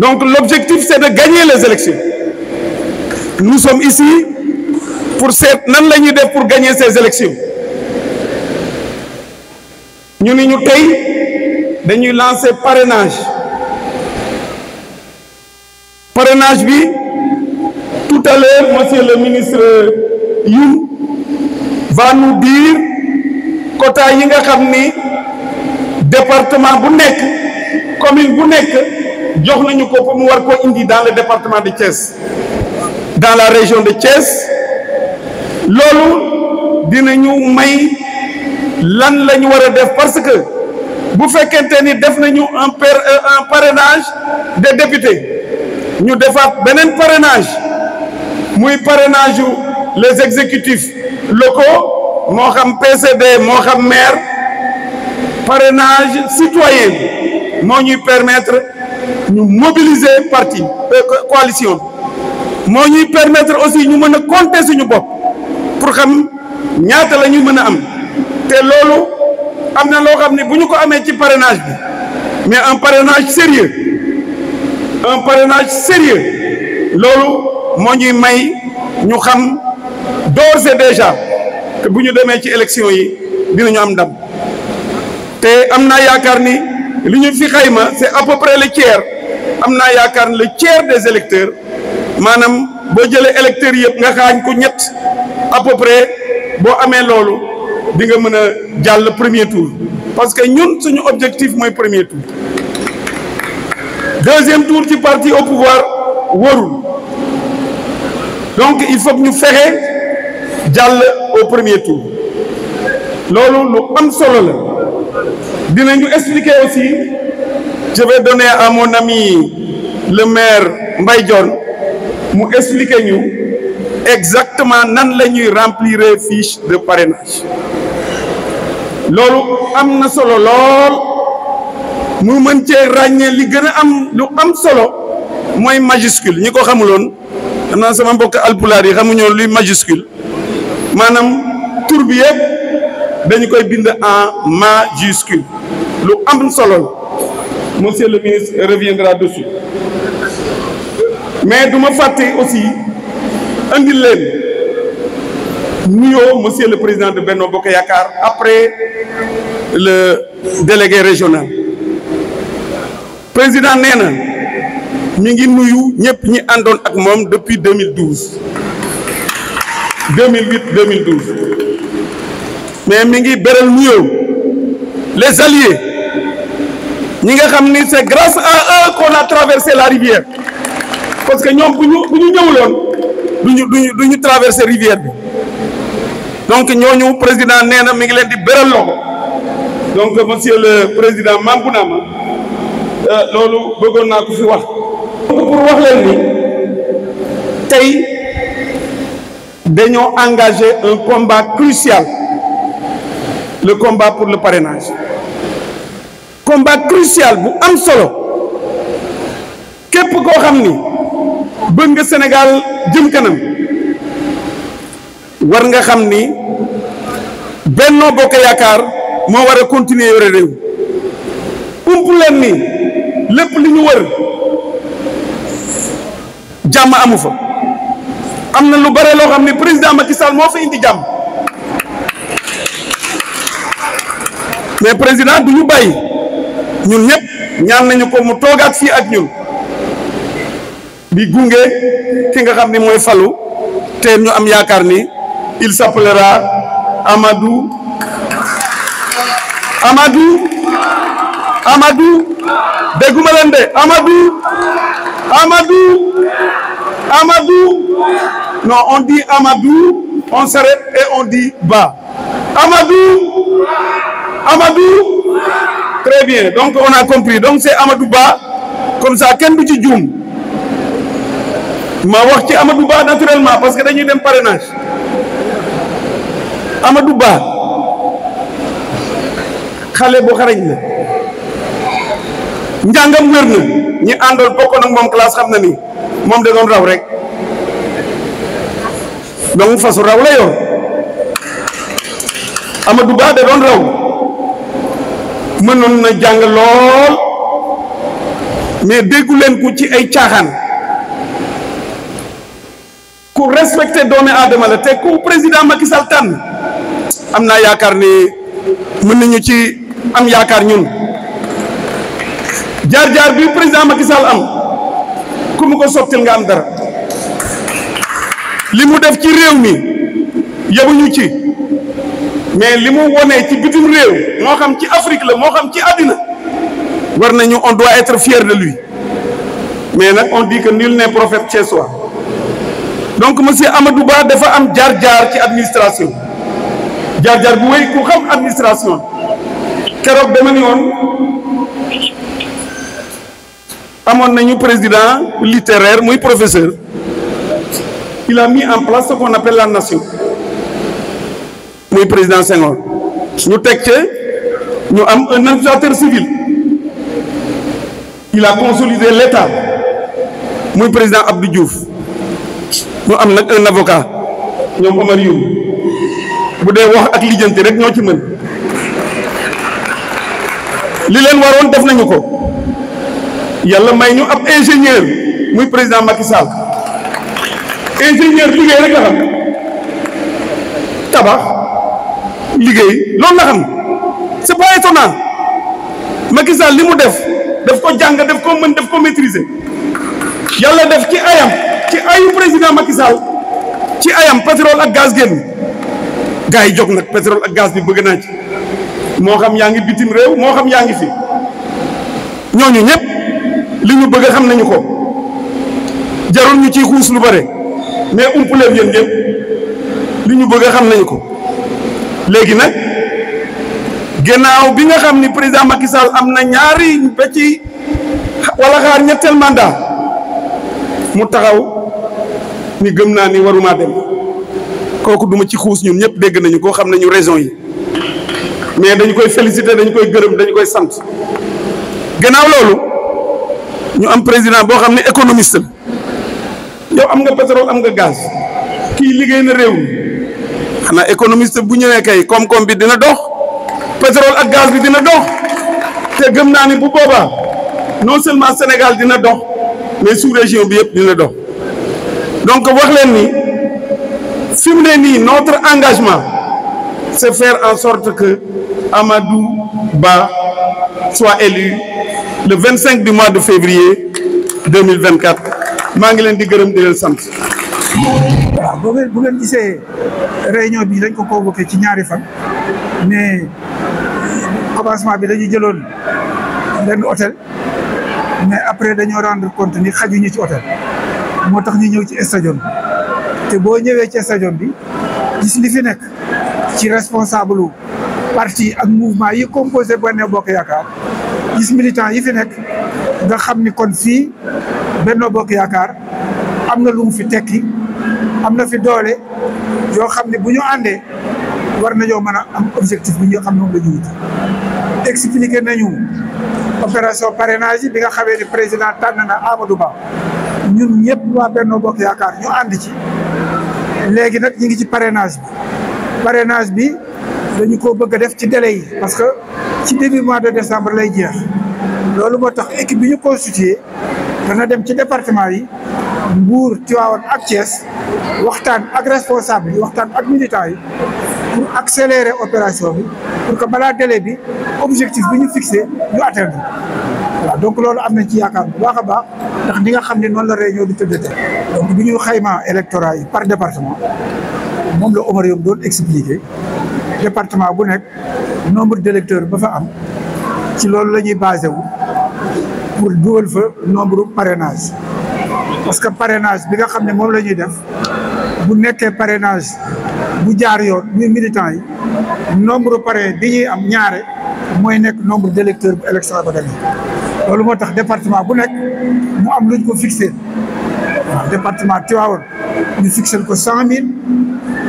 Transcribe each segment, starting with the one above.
Donc l'objectif, c'est de gagner les élections. Nous sommes ici pour pour gagner ces élections Nous ni ñu nous lancer parrainage parrainage tout à l'heure monsieur le ministre Youn va nous dire que yi nga département bu commune jox ko indi dans le département de Thiès dans la région de Thiès lolu, dinañu may lan la wara def parce que bu fekkente ni def nañu un euh, un parrainage des députés ñu un un parrainage muy parrainage les exécutifs locaux mo xam PCD mo xam maire parrainage citoyen Nous ñuy permettre ñu mobiliser parti euh, coalition moo ñuy permettre aussi ñu mën a compter suñu bopp pour xam ñaata la ñu mën a am te loolu am na loo xam ne bu ñu ko amee ci parrainage bi mais un parrainage sérieux un parrainage sérieux loolu moo ñuy may ñu xam d'ores et déjà bu ñu demee ci élection yi dinañu am ndam te am na yaakaar ni li ñu fi c'est à peu près le tiers Nous avons le tiers des électeurs manam boo jëlee électeurs yëpp nga xaañ ko à peu près ils amee loolu le nga premier tour parce que ñun suñu objectif le premier tour deuxième tour ci parti au pouvoir Worul. donc il faut que nous fassions le au premier tour loolu lu am solo dinañu expliquer aussi je vais donner à mon ami le maire Mbaye Dione mu expliquer ñu exactement nan la ñuy remplir fiche de parrainage loolu am na solo lool mu mën cee ràññee li gën a am lu am solo mooy majuscule ñi ko xamuloon xam naa sama mbokk alpulaar yi xamuñoo luy majuscule maanaam tur bi dañu koy bind en majuscule lu am monsieur le ministre reviendra dessus mais du ma fàtte aussi Un leen nuyoo monsieur le président de Benno Bokayakar après le délégué régional président nee Nous mi ngi nuyu ñëpp ñi àndoon depuis 2012 2008 2012 mais mi ngi beral les alliés nga c'est grâce à eux qu'on a traversé la rivière parce que nous, nous ñu bu ñëwuloon duñu duñu rivière donc nous, président le président mi ngi de di donc monsieur le président Mambounama nous euh, avons naa pour wax ni engagé un combat crucial le combat pour le parrainage combat crucial bu am solo képp koo xam ni bëgg nga Sénégal jëm war nga xam ni Benno Bokk Yaakaar moo war a continuer yore réew ump leen ni lépp li ñu wër jàmm amu fa am na lu bare loo xam ni président Macky Sall moo fa indi jàmm mais président du ñu bàyyi ñun ñëpp ñaan nañu ko mu toogaat fii ak ñun di gunge ki nga xam ni mooy falu te ñu am yaakaar ni il s'appellera Amadou Amadou Amadou dégguma leen de Amadou Amadou Amadou on dit Amadou on s'arrête et on dit ba Amadou Amadou Très bien. Donc, on a compris. Donc, c'est ba Comme ça, Ken ci Djoum. Ma amadou ba naturellement, parce que dañuy dem parrainage. bu xarañ la Njangam ñi andal bokk nak de classe. mom da doon raw rek Donc, amadou ba da doon raw mën mënoon na jàng lool mais déggu leen ko ci ay caaxaan ku respecté doomi aadama la te ku président Macky Sall am naa yaakaar ni mën nañu ci am yaakaar ñun jaar-jaar bi président Macky am ku mu ko sottil nga am dara li mu def ci réew mi yebuñu ci mais limu woné ci bitim réew mo xam ci afrique la mo xam ci adina war nañu on doit être fier de lui mais nak on dit que nul n'est prophète chez soi donc monsieur amadou ba dafa am jar jar ci administration jar jar bu way ku xam administration keroog dama ni won amon nañu président littéraire muy professeur il a mis en place ce qu'on appelle la nation muy président Senghor ñu un administrateur civil il a consolidé l'État. état président Abdou Diouf ñu un avocat ñoom Omar Youm wax ak lijjanti rek ñoo ci ingénieur président Macky Sall ingénieur liggéey rek la xam liggéey loolu la xam c'est pas étonnant li mu def daf ko jàng daf ko mën daf ko maîtriser yàlla def ci ayam ci ayu président Macky ci ayam pétrole ak gaz génn gars yi jóg nag pétrole ak gaz bi bëgg naa ci moo xam yaa ngi bitim réew moo xam yaa ngi fi ñooñu ñëpp li ñu bëgg xam nañu ko jarul ñu ciy xuus lu bare mais umpaleem yéen ñëpp li ñu bëgg xam nañu ko léegi nag gannaaw bi nga xam ni président Macky Sall am na ñaari ba ci wala xaar ñetteel mandat mu taxaw ni gëm naa ni warumaa dem kooku duma ci xuus ñun ñëpp dégg nañu koo xam nañu raison yi mais dañu koy féliciter dañ koy gërëm dañu koy sant gannaaw loolu ñu am président boo xam ne économiste la yow am nga pétrole am nga gaz kii liggéey na réew mi l'économiste na économiste bu ñëwé kay comme comme bi dina dox pétrole ak gaz bi dina dox té gëm na ni bu boba non seulement Sénégal dina dox mais sous région bi yépp dina dox donc wax leen ni fi notre engagement c'est faire en sorte que Amadou Ba soit élu le 25 du mois de février 2024 ma ngi leen di gërëm di waaw bu ngeen bu gisee réunion bi dañ ko convoqué ci ñaari fan mais commencement bi dañu jëloon benn hôtel mais après dañoo rendre compte ni xajuñu ci hôtel moo tax ñu ñëw ci stadion bi te boo ñëwee ci stadion bi gis li fi nekk ci responsable parti ak mouvement yi composé Benno Bokk Yaakaar gis militant yi fi nekk nga xam ni kon fii benn Bokk Yaakaar am na lu fi tekki am na fi doole yoo xam ne bu ñu àndee war nañoo mën a am objectif bi ñu xam ne moom la ñu wuti expliqué nañu opération parenage bi nga xamee ne président tànn na Amadou Ba ñun ñëpp waa Benno Bokk Yaakaar ñu ànd ci léegi nag ñu ngi ci parrainage bi parrainage bi dañu ko bëgg a def ci délai yi parce que ci début mois de décembre lay jeex loolu moo tax équipe bi ñu constitué dana dem ci département yi Mbour Tivaouane ak Thiès waxtaan ak responsable yi waxtaan ak militant yi pour accélérer opération bi pour que balaa délai bi objectif bi ñu fixé ñu atteindre donc loolu am nañ ci yaakaar bu baax a baax ndax ni nga xam ne noonu la réunion di tëddate donc bi ñu xayma électorat yi par département moom la Omar Youm doon expliqué département bu nekk nombre d'électeurs ba fa am ci loolu la ñuy basé wu pour dugal fa nombre parrainage parce que parrainage bi nga xam ne moom la ñuy def bu nekkee parenage bu jaar yoon muy yi nombre parrain bi ñuy am ñaare mooy nekk nombre d'électeurs bu élection ba demee loolu moo tax département bu nekk mu am luñ ko fixé waaw département Tivaouane ñu fixé ko cent mille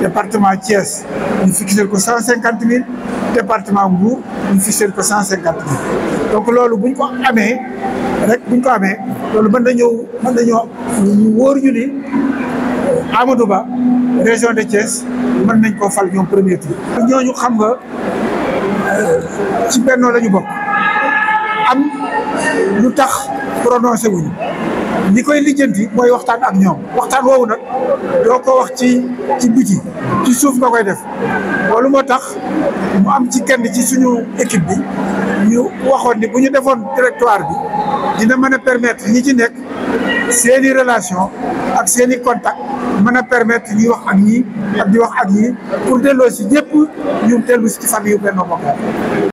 département Thiès ñu fixé ko cent cinquante mille département Mbour ñu fiché ko cent cinquante mille donc loolu buñ ko amee rek buñ ko amee loolu mën da mën nañoo ñu wóor ñu ni euh, Amadou Ba région de Thiès mën nañ koo fal ñoom premier tour ñooñu xam nga euh, ci bennoo la ñu bokk am lu tax prononcé wuñu ñi koy lijjanti mooy waxtaan ak ñoom waxtaan woowu nag doo ko wax ci ci biti ci suuf nga koy def loolu moo tax mu am ci kenn ci suñu équipe bi ñu waxoon ni bu ñu defoon directoire bi dina mën a permettre ñi ci nekk seeni relation ak seeni contact mën a permettre ñuy wax ak ñi ak wax ak ñi pour delloo si ñëpp ñu dellu si ci famille yu Benno Bokk